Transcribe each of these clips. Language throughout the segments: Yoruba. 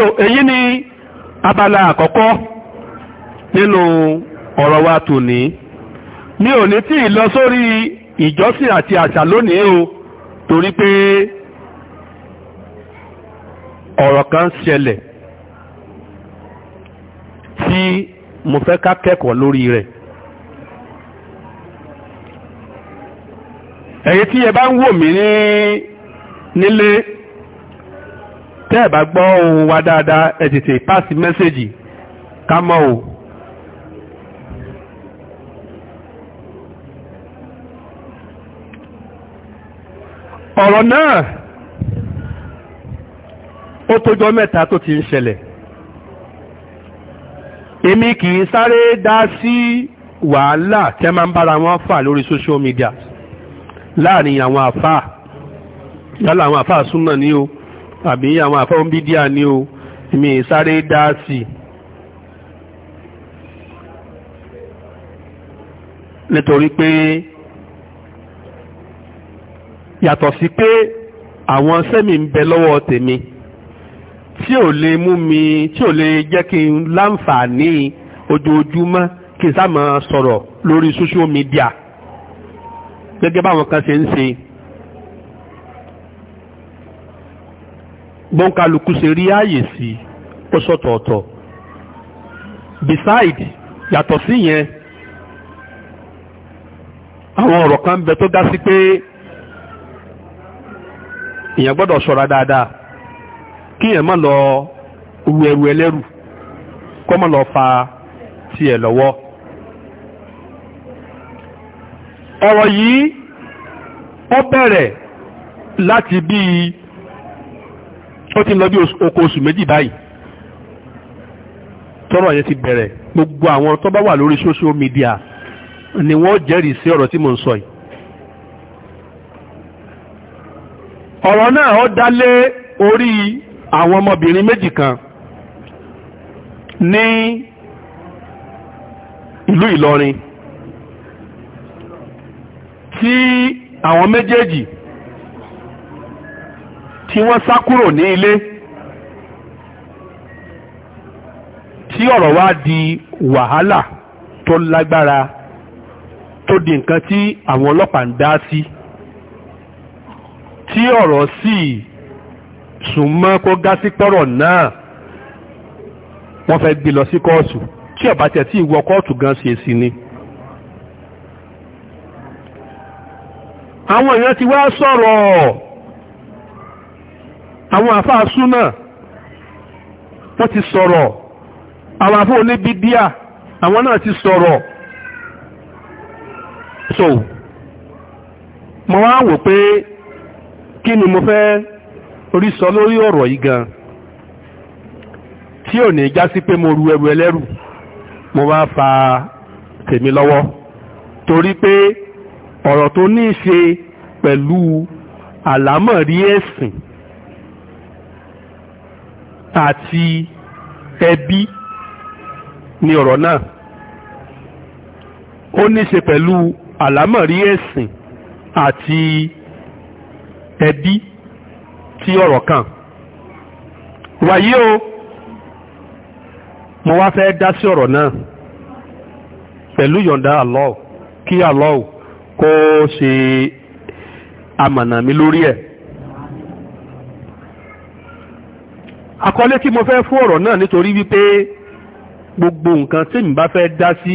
so èyí ni abala àkọ́kọ́ nínú ọ̀rọ̀ wa tòní mi ò ní tí lọ sórí ìjọsìn àti àṣà lónìí o torí pé ọ̀rọ̀ kan ṣẹlẹ̀ tí mo fẹ́ ká kẹ́kọ̀ọ́ lórí rẹ̀ ẹ̀yin tí ẹ bá ń wò mí ní nílé tẹ́ ẹ̀ bá gbọ́ ohun wa dáadáa ẹ̀ tètè pàṣẹ mẹ́sẹ̀gì ká mọ̀ o. ọ̀rọ̀ náà ó tójọ́ mẹ́ta tó ti ń ṣẹlẹ̀ èmi kì í sáré dá sí wàhálà tẹ́ máa ń bára wọn fà lórí social media láàrin àwọn àfáà yálà àwọn àfáà súnmọ̀ ní o àbí àwọn àfẹ́wọ́n bídíà ní o mi sáré dá sí i nítorí pé yàtọ̀ sí pé àwọn sẹ́mi ń bẹ lọ́wọ́ tèmi tí ò lè mú mi tí ò lè jẹ́ kí n láǹfààní ojoojúmọ́ kí n sá sọ̀rọ̀ lórí social media gẹ́gẹ́ báwọn kan ṣe ń ṣe. bọ́nkálukú ṣe rí ààyè sí ó sọ̀tọ̀ọ̀tọ̀ beside yàtọ̀ sí yẹn àwọn ọ̀rọ̀ kan bẹ tó dá sí pé èèyàn gbọ́dọ̀ ṣọ́ra dáadáa kí èèyàn má lọ ru ẹrù ẹlẹ́rù kó má lọ fa tiẹ̀ lọ́wọ́ ọ̀rọ̀ yìí ó bẹ̀rẹ̀ láti bíi ó ti lọ bí oko oṣù méjì báyìí tọ́rọ̀ yẹn ti bẹ̀rẹ̀ gbogbo àwọn tó bá wà lórí social media ni wọ́n jẹ́rìí sí ọ̀rọ̀ tí mò ń sọ yìí ọ̀rọ̀ náà ó dá lé orí àwọn ọmọbìnrin méjì kan ní ìlú Ìlọrin tí àwọn méjèèjì tí wọ́n sá kúrò ní ilé tí ọ̀rọ̀ wá di wàhálà tó lágbára tó di nǹkan tí àwọn ọlọ́pàá ń dá sí tí ọ̀rọ̀ sì súnmọ́ kó gá sí pọ́rọ̀ náà wọ́n fẹ́ gbé lọ sí kóòtù tí ọ̀bá tẹ̀ tí ìwọ kóòtù gan ṣe sí ni. àwọn èèyàn ti wá sọ̀rọ̀ àwọn àfáà súnà wọ́n ti sọ̀rọ̀ àwọn àfáà oníbídíà àwọn náà ti sọ̀rọ̀ so mo wá wò pé kí ni mo fẹ́ orí sọ lórí ọ̀rọ̀ yìí gan tí ò ní já sí pé mo ru ẹrù ẹlẹ́rù mo wá fa tèmi lọ́wọ́ torí pé ọ̀rọ̀ tó ní í ṣe pẹ̀lú àlámọ̀rí ẹ̀sìn àti ẹbí ni ọ̀rọ̀ náà ó ní ṣe pẹ̀lú àlámọ̀rí ẹ̀sìn àti ẹbí tí ọ̀rọ̀ kàn wàyí o mo wá fẹ́ dá sí ọ̀rọ̀ náà pẹ̀lú yọ̀ǹda Allah kí Allah kó ṣe amọ̀nà mi lórí ẹ̀ àkọlé tí mo fẹ́ fún ọ̀rọ̀ náà nítorí wípé gbogbo nǹkan tí mi bá fẹ́ dá sí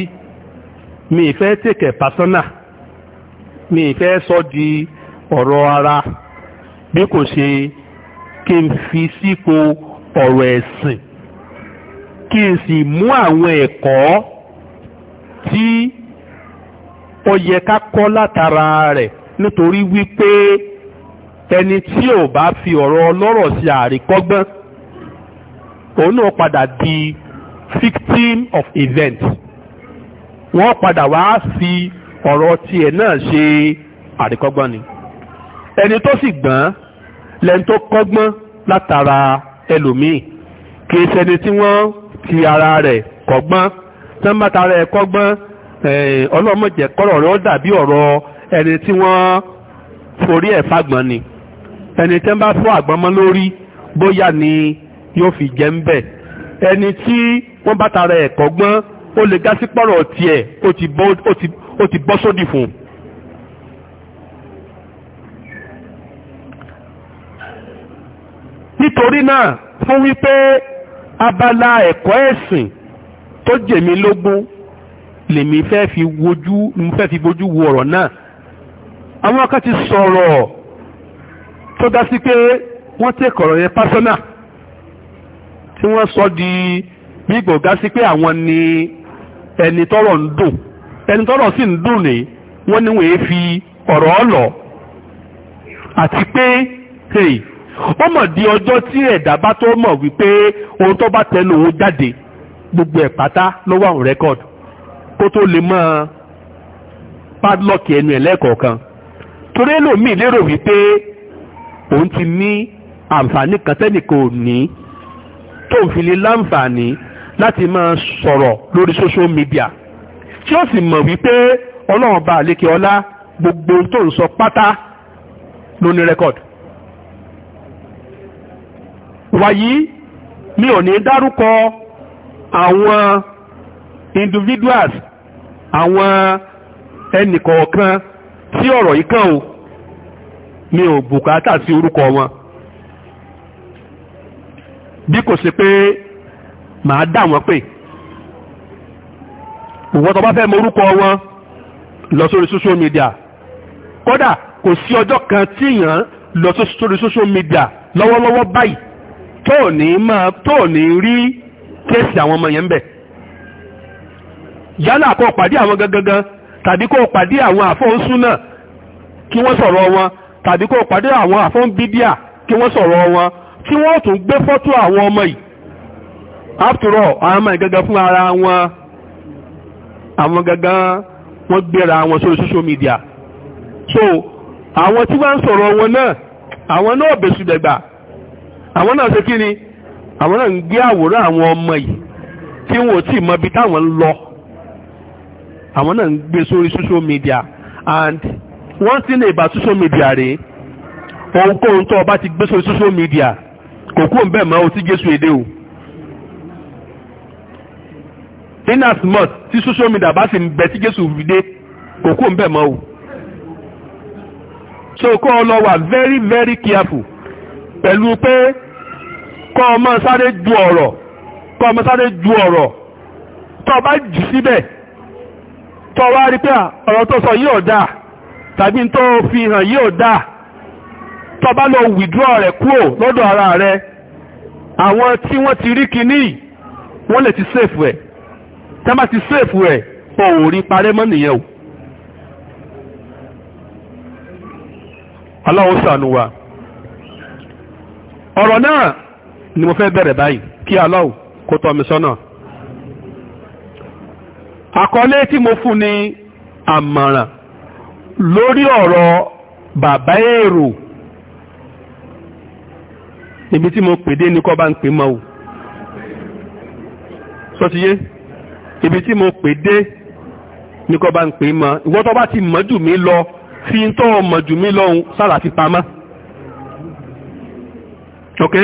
mi ìfẹ́ tèkẹ̀ pásánà mi ìfẹ́ sọ di ọ̀rọ̀ ara bí kò ṣe kí n fi sípò ọ̀rọ̀ ẹ̀sìn kí n sì mú àwọn ẹ̀kọ́ tí ó yẹ ká kọ́ látara rẹ̀ nítorí wípé ẹni tí ò bá fi ọ̀rọ̀ ọlọ́rọ̀ sí àríkọ́gbọ́n òun náà padà di victim of event wọ́n padà wá sí ọ̀rọ̀ tiẹ̀ náà ṣe àríkọ́gbọ́n ni ẹni tó sì gbọ́n lẹ́ni tó kọ́gbọ́n látara ẹlòmíì kì í ṣẹni tí wọ́n ti ara rẹ̀ kọ́gbọ́n tí wọ́n bá tara ẹ̀ kọ́gbọ́n eh, ọlọ́mọ̀jẹ̀ kọ́rọ̀ rẹ̀ ó dàbí ọ̀rọ̀ ẹni tí wọ́n forí ẹ̀ fagbọ́n ni ẹni tí wọ́n bá fọ́ lórí bóyá ni yóò fi jẹ́ ń bẹ̀ ẹni tí wọ́n bá tara ẹ̀kọ́ gbọ́n ó lè gá sí pọ̀rọ̀ tiẹ̀ ó ti bọ́ sódì fún nítorí náà fún wípé abala ẹ̀kọ́ ẹ̀sìn tó jèmi lógún lèmi fẹ́ fi wojú mo fẹ́ fi bojú wo ọ̀rọ̀ náà àwọn kan sọ̀rọ̀ tó dá sí pé wọ́n tẹ̀kọ̀rọ̀ yẹn pásọ́nà tí wọ́n sọ di bí gbọ̀gá sí pé àwọn ni ẹni tọ́rọ̀ ń dùn ẹni tọ́rọ̀ sì ń dùn ní wọ́n ní wọ́n fi ọ̀rọ̀ ọ̀lọ̀ àti pé ó mọ̀ di ọjọ́ tí ẹ̀dá bá tó mọ̀ wípé ohun tó bá tẹnu òun jáde gbogbo ẹ̀ pátá ló wà on record kó tó lè mọ́ padlock ẹnu ẹ̀ lẹ́ẹ̀kọ̀ọ̀kan torí ẹlòmíì lérò wípé òun ti ní àǹfààní kan tẹ́nìkan ò ní tó fi lè láǹfààní láti máa sọ̀rọ̀ lórí social media tí ó sì mọ̀ wípé ọlọ́run bá àlékè ọlá gbogbo tó ń sọ pátá ló ní rẹ́kọ̀dì. wàyí mi ò ní dárúkọ àwọn individuals àwọn ẹnìkọ̀ọ̀kan tí ọ̀rọ̀ yìí kàn ó mi ò bùkátà sí orúkọ wọn bí kò sí pé màá dà wọ́n pè òwò tó bá fẹ́ mọ wọn lọ sórí social media kódà kò sí ọjọ́ kan tí èèyàn lọ sórí social media lọ́wọ́lọ́wọ́ báyìí tó ní máa tó ní rí kéèsì àwọn ọmọ yẹn ń bẹ̀ yálà kó pàdé àwọn gangan tàbí kó pàdé àwọn àfọ́nsúnà kí wọ́n sọ̀rọ̀ wọn tàbí kó pàdé àwọn àfọ́nbídíà kí wọ́n sọ̀rọ̀ wọn tí wọ́n tún gbé fọ́tò àwọn ọmọ yìí after all àwọn ọmọ ìgangan fún ara wọn àwọn gangan wọ́n gbéra wọn sórí social media so àwọn tí wọ́n ń sọ̀rọ̀ wọn náà àwọn náà bẹ̀sù dẹ̀gbà àwọn náà ṣe kí ni àwọn náà ń gbé àwòrán àwọn ọmọ yìí tí wọn ò tí mọ ibi táwọn ń lọ àwọn náà ń gbé sórí social media and wọ́n sì ní ìbá social media rèé ohunkóhun tó o bá ti gbé sórí social media kò kú òun bẹ́ẹ̀ mọ́ o tí Jésù èdè o in as much tí social media bá sì ń bẹ tí Jésù fi dé kò kú mọ́ o so kó o lọ wà very very careful pẹ̀lú pé kọ́ ọmọ sáré ju ọ̀rọ̀ kọ́ ọmọ sáré ju ọ̀rọ̀ tọ́ bá jù síbẹ̀ tọ́ wá rí pé ọ̀rọ̀ tó sọ yóò dáa tàbí tó fi hàn yóò dáa tó bá lọ withdraw rẹ̀ kúrò lọ́dọ̀ ara rẹ̀ àwọn tí wọ́n ti rí kinní wọ́n lè ti sèfù ẹ̀ tá bá ti sèfù ẹ̀ ò rí parẹ́ mọ́ nìyẹn o. aláwọ̀ sànù wa ọ̀rọ̀ náà ni mo fẹ́ bẹ̀rẹ̀ báyìí kí aláwọ̀ kó tọ́ mi sọ́nà àkọlé tí mo fún ni àmọ̀ràn lórí ọ̀rọ̀ bàbá èrò èmi tí mo pèdé ní kọ́ bá ń pè mọ́ o sọtiyé èmi tí mo pèdé ní kọ́ bá ń pè mọ́ ìwọ́n tó bá ti mọ̀ jù mí lọ fi ń tọ́ mọ̀ jù mí lọ́hùn sára fi pamọ́ ok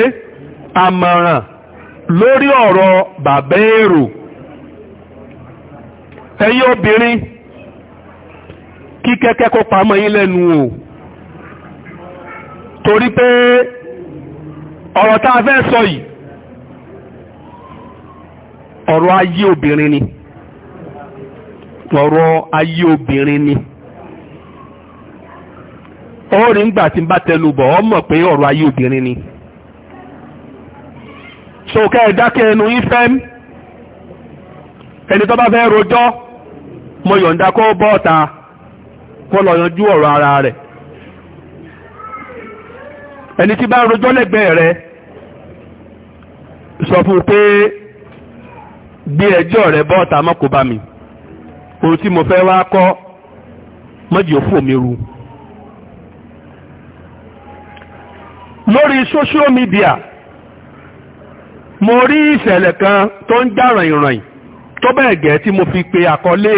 àmọ̀ràn lórí ọ̀rọ̀ bàbá èrò ẹ̀yin obìnrin kí kó pamọ́ yín lẹ́nu o torí pé ọ̀rọ̀ tá a fẹ́ sọ yìí ọ̀rọ̀ ayé obìnrin ni ọ̀rọ̀ ayé obìnrin ni ọ̀rìn gbà tí bá tẹnu bọ̀ ọ mọ̀ pé ọ̀rọ̀ ayé obìnrin ni so kẹ́ ẹnu ifẹ́m ẹni tó bá fẹ́ rojọ́ mo yọ̀ǹda kó bọ́ ọ̀ta kó lọ yanjú ọ̀rọ̀ ara rẹ̀ ẹni tí bá ń rojọ́ lẹ́gbẹ̀ẹ́ rẹ sọ fún un pé gbé ẹjọ́ rẹ bọ́ọ̀ta mọ́kò bá mi ohun tí mo fẹ́ wá kọ́ mọ́jì òfò mi ru lórí social media mo rí ìṣẹ̀lẹ̀ kan tó ń jà ràìnràìn tó bẹ́ẹ̀ gẹ́ tí mo fi pe àkọlé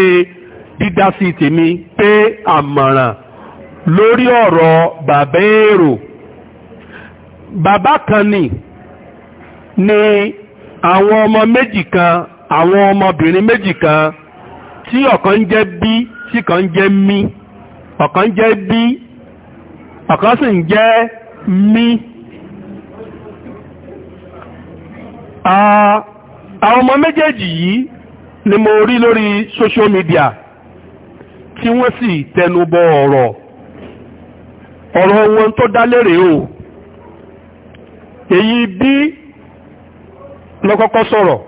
dídásí tèmi pé àmọ̀ràn lórí ọ̀rọ̀ bàbá èrò bàbá kan ni ni àwọn ọmọ méjì kan àwọn ọmọbìnrin méjì kan tí ọ̀kan ń jẹ́ bí tí kan ń jẹ́ mí ọ̀kan ń jẹ́ bí ọ̀kan sì ń jẹ́ mí. àwọn ọmọ méjèèjì yìí ni mo rí lórí social media tí wọ́n sì tẹnubọ ọ̀rọ̀ ọ̀rọ̀ wọn tó dá lérè o. èyí bí lọ́kọ́kọ́ sọ̀rọ̀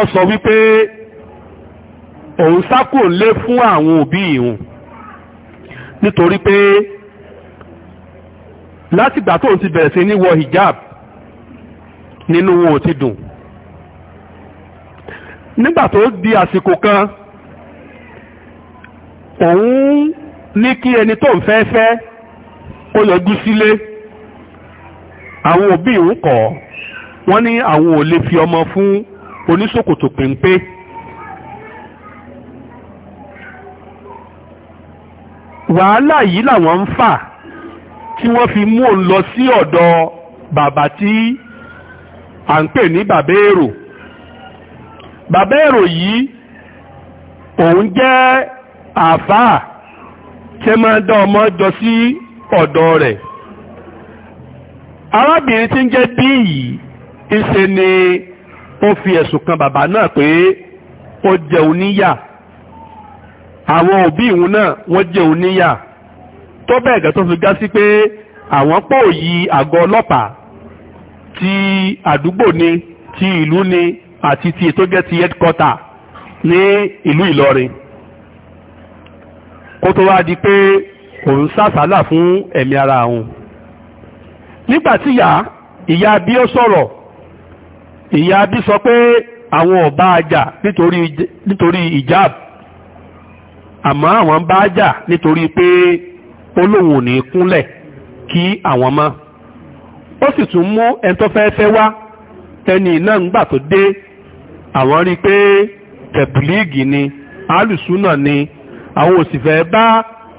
ó sọ wípé òun sákò lé fún àwọn òbí ìhun nítorí pé látìgbà tóun ti bẹ̀rẹ̀ sí ní wọ hijab nínú wọn ò ti dùn nígbà tó di àsìkò kan òun ní kí ẹni tó ń fẹ́ fẹ́ kó yọjú sílé. Si àwọn òbí ń kọ̀ wọ́n ní àwọn ò lè fi ọmọ fún oníṣòkòtò péńpé wàhálà yìí làwọn ń fà tí wọ́n fi mú òun lọ sí ọ̀dọ̀ bàbá tí à ń pè ní bàbá èrò bàbá èrò yìí òun jẹ́ àfáà tí ẹ máa dá ọmọ jọ sí ọ̀dọ̀ rẹ̀ arábìnrin tí ń jẹ́ dín yìí ìṣe ni ó fi ẹ̀sùn kan bàbá náà pé ó jẹ́ oníyà àwọn òbí ìhun náà wọ́n jẹ́ oníyà tó bẹ́ẹ̀ gẹ́ tó fi gá sí pé àwọn pọ̀ yí àgọ́ ọlọ́pàá ti àdúgbò ni ti ìlú ni àti ti ètò jẹ́ ti headquarter ní ìlú Ìlọrin kó tó wá di pé òun sàsálà fún ẹ̀mí ara òun nígbàtí ìyá ìyá abí ó sọ̀rọ̀ ìyá abí sọ pé àwọn ò bá ajà nítorí ìjáàb àmọ́ àwọn ń bá ajà nítorí pé olóhùn ò ní kúnlẹ̀ kí àwọn mọ́ ó sì tún mú ẹni wá ẹni náà ńgbà tó dé àwọn rí pé tẹ̀bùlíìgì ni alùsùnà ni àwọn ò bá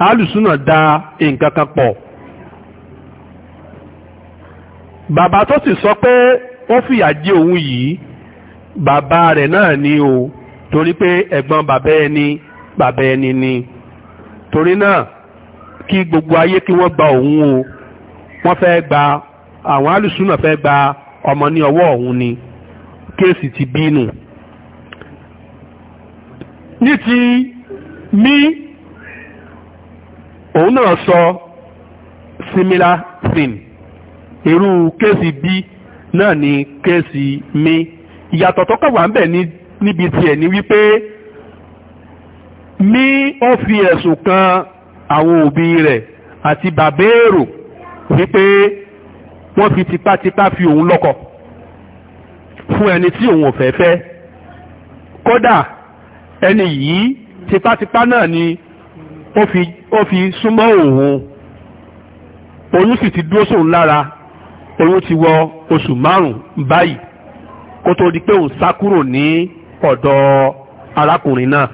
alùsùnà da nǹkan kan pọ̀ bàbá tó sì sọ pé wọ́n fìyà jẹ òun yìí bàbá rẹ̀ náà ni o torí pé ẹ̀gbọ́n bàbá ẹni bàbá ẹni ni torí náà kí gbogbo ayé kí wọ́n gba òun o wọ́n fẹ́ gba àwọn alùsùnà fẹ́ gba ọmọ ní ọwọ́ òun ni kéèsì ti bínú ní ti mí òun náà sọ similar thing irú kéèsì b náà ni kéèsì mi ìyàtọ̀ tó kàn wá ń bẹ̀ níbi tiẹ̀ ni wípé mi ó fi ẹ̀sùn kan àwọn òbí rẹ̀ àti bàbá èrò wípé wọ́n fi tipátipá fi òun lọ́kọ fún ẹni tí òun ò fẹ́ fẹ́ kódà ẹni yìí tipátipá náà ni ó fi súnmọ́ òun oyún sì ti dúró sóun lára oyún ti wọ oṣù márùn báyìí kó tó di pé òun sá kúrò ní ọ̀dọ̀ arákùnrin náà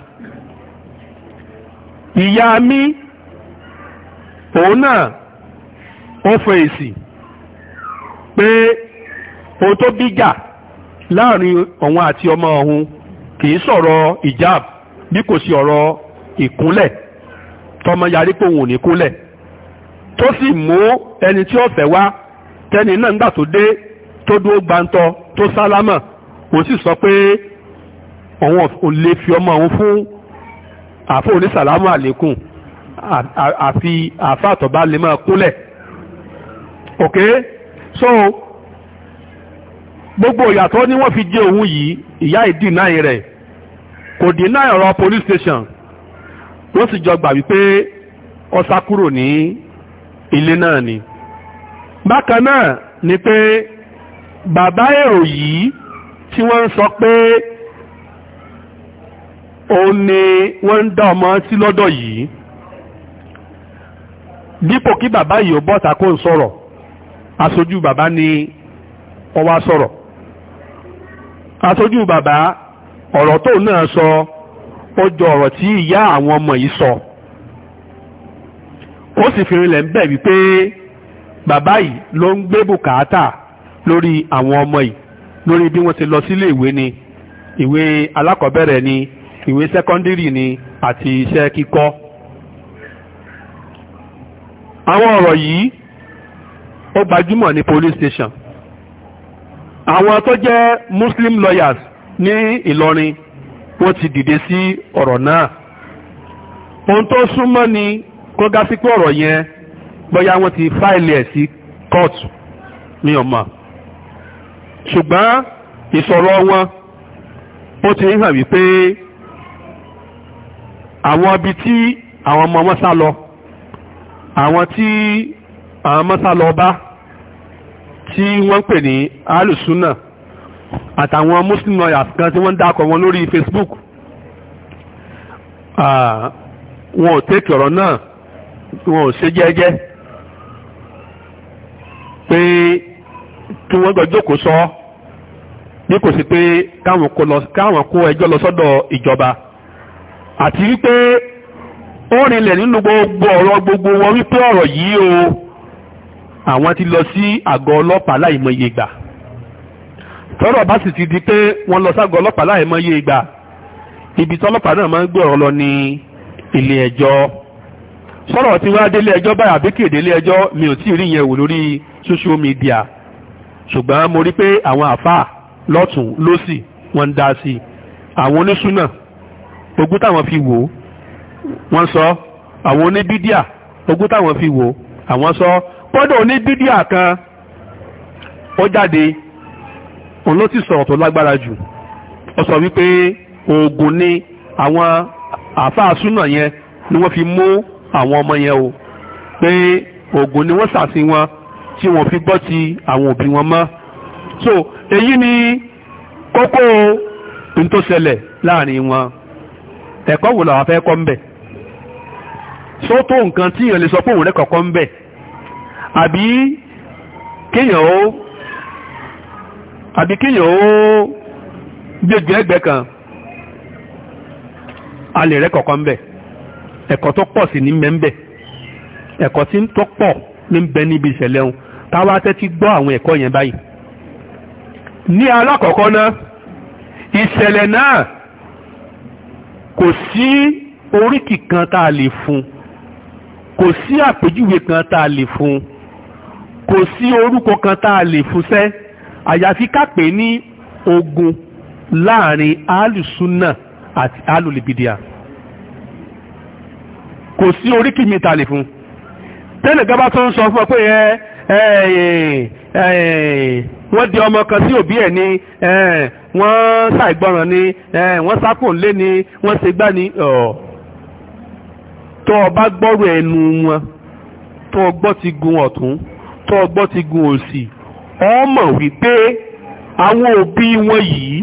ìyá mi òun náà ó fèsì pé òun tó bí jà láàrin òun àti ọmọ òun kì í sọ̀rọ̀ ìjáàb bí kò sí ọ̀rọ̀ ìkúnlẹ̀ tọmọ yarí pé òun ò ní kúnlẹ̀ tó sì mú ẹni tí ó fẹ́ wá tẹ́ni náà nígbà tó dé tó dúró gbantọ tó sálámà ó sì sọ pé òun ò lè fi ọmọ òun fún àfọ onísàlámù àlékún àfi àfa àtọ̀bá lè máa kúnlẹ̀ ok so gbogbo ìyàtọ̀ ni wọ́n fi jẹ òun yìí ìyá ìdínáì rẹ̀ kò dínáì ọ̀rọ̀ police station wọ́n sì jọ gbà wípé ó sá kúrò ní ilé náà ni bákan náà ni pé bàbá èrò yìí tí wọ́n ń sọ pé òun ni wọ́n ń dá ọmọ sí lọ́dọ̀ yìí dípò kí bàbá yìí ó bọ́ta kó ń sọ̀rọ̀ aṣojú bàbá ni ó wá sọ̀rọ̀ aṣojú bàbá ọ̀rọ̀ tóun náà sọ ó jọ ọ̀rọ̀ tí ìyá àwọn ọmọ yìí sọ ó sì fi rinlẹ̀ ń bẹ̀ wípé bàbá yìí ló ń gbé bùkátà lórí àwọn ọmọ yìí lórí bí wọ́n ti lọ sílé ìwé ni ìwé alákọ̀ọ́bẹ̀rẹ̀ ni ìwé sẹ́kọ́ndírì ni àti iṣẹ́ kíkọ́ àwọn ọ̀rọ̀ yìí ó gbajúmọ̀ ní police station àwọn tó jẹ́ muslim lawyers ní ìlọrin wọ́n ti dìde sí ọ̀rọ̀ náà ohun tó súnmọ́ ni kó gá sí pé ọ̀rọ̀ yẹn bóyá wọ́n ti fáìlì ẹ̀ sí kóòtù ní ọmọ ṣùgbọ́n ìsọ̀rọ̀ wọn ó ti hàn wípé àwọn ibi tí àwọn ọmọ wọn sá lọ àwọn tí àwọn ọmọ sá lọ bá tí wọ́n ń pè ní alùsùnà àtàwọn muslim lawyers kan tí wọ́n ń dákọ̀ wọn lórí facebook ah, wọn ò tẹ́kì ọ̀rọ̀ náà wọn ò ṣe jẹ́jẹ́ pé kí wọ́n gbọ́ jókòó sọ bí kò sí pé káwọn kó ẹjọ́ lọ sọ́dọ̀ ìjọba àti wípé ó rinlẹ̀ nínú gbogbo ọ̀rọ̀ gbogbo wọn wípé ọ̀rọ̀ yìí o àwọn ti lọ sí àgọ́ ọlọ́pàá láìmọye ìgbà tọ́rọ̀ bá sì ti di pé wọ́n lọ ságọ́ ọlọ́pàá láìmọye ìgbà ibi tọ́lọ́pàá náà máa ń gbé ọ̀rọ̀ lọ ní ilé ẹjọ́ sọ̀rọ̀ tí wọ́n á délé ẹjọ́ báyà bí kéde ilé ẹjọ́ mi ò tí ì rí yẹn wò lórí social media ṣùgbọ́n mo rí pé àwọn àfáà lọ́tún lọ́sì wọ́n ń dá sí i àwọn oníṣúná ogún táwọn fi wò ó wọ́n sọ àwọn oníbídíà ogún táwọn fi wò ó àwọn sọ kọ́dọ̀ oníbídíà kan ó jáde òun ló ti sọ̀rọ̀ tó lágbára jù ó sọ wípé oògùn ni àwọn àfáà súnà yẹn ni wọ́n fi mú àwọn ọmọ yẹn o pé oògùn ni wọ́n sàsí tí wọ́n fi gbọ́ ti àwọn òbí wọn mọ́ so èyí ni kókó n tó ṣẹlẹ̀ láàrin wọn ẹ̀kọ́ wò làwọn fẹ́ kọ́ ń bẹ̀ sótó nǹkan tí èèyàn lè sọ pé òun rẹ̀ kọ̀ọ̀kan ń bẹ̀ àbí kéèyàn ó àbí kéèyàn ó gbègbè ẹgbẹ́ kan a lè rẹ̀ ń bẹ̀ ẹ̀kọ́ tó pọ̀ sí ní mẹ́ńbẹ̀ ẹ̀kọ́ tí tó pọ̀ ní bẹ níbi ìṣẹ̀lẹ̀ ohun táwa tẹ́tí gbọ́ àwọn ẹ̀kọ́ yẹn báyìí ní alákọ̀ọ́kọ́ náà ìṣẹ̀lẹ̀ náà kò sí oríkì kan tá a lè fún kò sí àpèjúwe kan tá a lè fún kò sí orúkọ kan tá a lè fún sẹ́ àyàfi ká ní ogun láàrin alùsùnà àti alùlìbìdìà kò sí oríkì mi tá a lè fún tẹ́lẹ̀ gábà tó ń sọ fún ọ pé ẹ wọ́n di ọmọ kan sí òbí ẹ̀ ni wọ́n ṣàìgbọràn ni wọ́n sápò ńlé ni wọ́n ṣe gbá ni tó o bá gbọ́rọ̀ ẹnu wọn tó o gbọ́ ti gun ọ̀tún tó o gbọ́ ti gun òsì o mọ̀ wípé àwọn òbí wọn yìí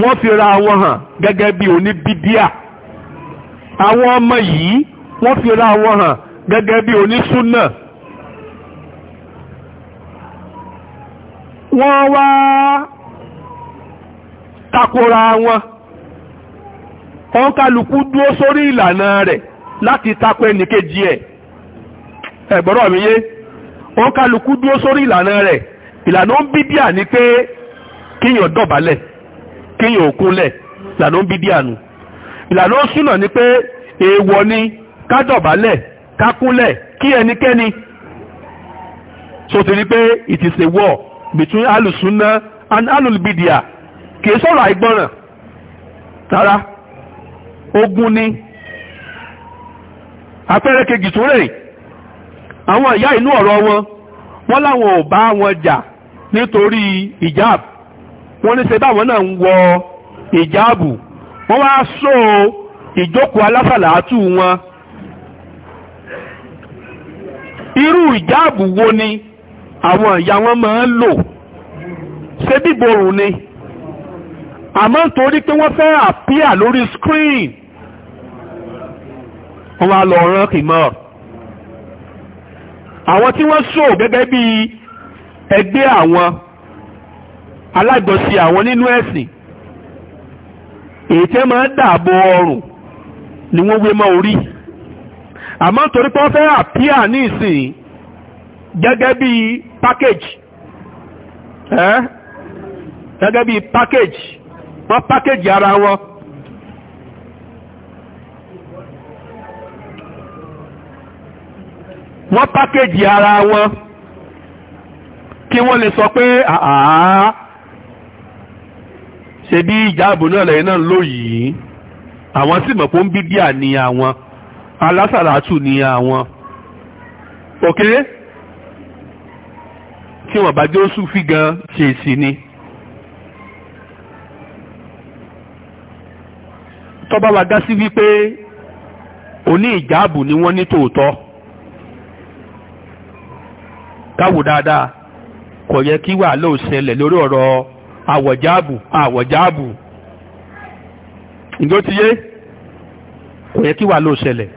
wọ́n fi ra wọn hàn gẹ́gẹ́ bí oníbídíà àwọn ọmọ yìí wọ́n fi ra wọn hàn gẹ́gẹ́ bí onísúnà. wọ́n wá takora wọn wọ́n kálukú dúró sórí ìlànà rẹ̀ láti tako ẹnìkejì ẹ̀ ẹ̀gbọ́rọ̀ mi yé wọ́n kálukú dúró sórí ìlànà rẹ̀ ìlànà ń bí díà ni pé kíyàn dọ̀bálẹ̀ kíyàn òkúnlẹ̀ ìlànà ń bí díà nù ìlànà ó súnà ní pé èèwọ̀ ni ká dọ̀bálẹ̀ ká kúnlẹ̀ kí ẹnikẹ́ni so ti rí pé it is a war between alùsùnà and alùlùbìdìà kìí sọ̀rọ̀ àìgbọ́ràn tara ogun ni àpẹẹrẹ kejì tó rẹ̀ àwọn ìyá inú ọ̀rọ̀ wọn wọ́n láwọn ò bá wọn jà nítorí ìjáàb wọ́n ní ṣe báwọn náà ń wọ ìjáàbù wọ́n wá só ìjókòó aláfàlàátù wọn irú ìjáàbù wo ni àwọn ìyá wọn máa ń lò ṣé bíborùn ni àmọ́ nítorí pé wọ́n fẹ́ àpíà lórí screen wọ́n wá lọ rán kìmọ́ àwọn tí wọ́n sọ gẹ́gẹ́ bí ẹgbẹ́ àwọn alágbọ̀nsí àwọn nínú ẹ̀sìn èyí tẹ́ máa ń dààbò ọrùn ni wọ́n wé mọ́ orí àmọ́ nítorí pé wọ́n fẹ́ àpíà ní ìsìn gẹ́gẹ́ bí package ẹ́ gẹ́gẹ́ bí package wọ́n package ara wọn wọ́n package ara wọn kí wọ́n lè sọ pé àà ṣe bí ìjáàbò náà lẹ́yìn náà ló yìí àwọn sì mọ̀ ń bíbíà ni àwọn alásàlátù ni àwọn òkèrè okay? tí wọ́n bá jẹ́ ó súfì gan ṣe sí ni. tọ́ba wa dá sí wípé oní ìjáàbù ni wọ́n ní tòótọ́ káwò dáadáa kò yẹ kí wàhálà ò ṣẹlẹ̀ lórí ọ̀rọ̀ àwọ̀jáàbù àwọ̀jáàbù ǹjọ́ ti yé kò yẹ kí wàhálà ò ṣẹlẹ̀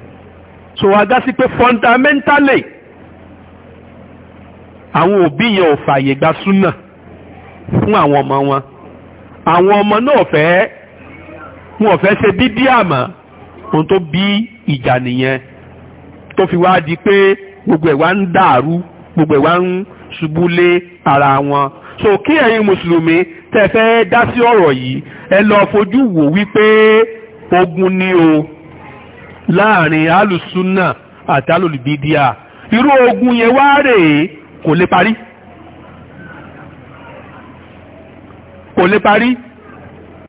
so wa dá sí pé fundamentally àwọn òbí yẹn ò fààyè gba súnà fún àwọn ọmọ wọn àwọn ọmọ náà fẹ́ wọn fẹ́ ṣe bíbí àmọ́ ohun tó bí ìjà nìyẹn tó fi wá di pé gbogbo ẹ̀ wá ń dàrú gbogbo ẹ̀ wá ń ṣubú lé ara wọn so kí ẹyin mùsùlùmí tẹ́ fẹ́ dá sí ọ̀rọ̀ yìí ẹ lọ fojú wò wípé ogun ni o láàrin alùsùnà àti alùlùbídíà irú ogun yẹn wá rèé kò lè parí kò lè parí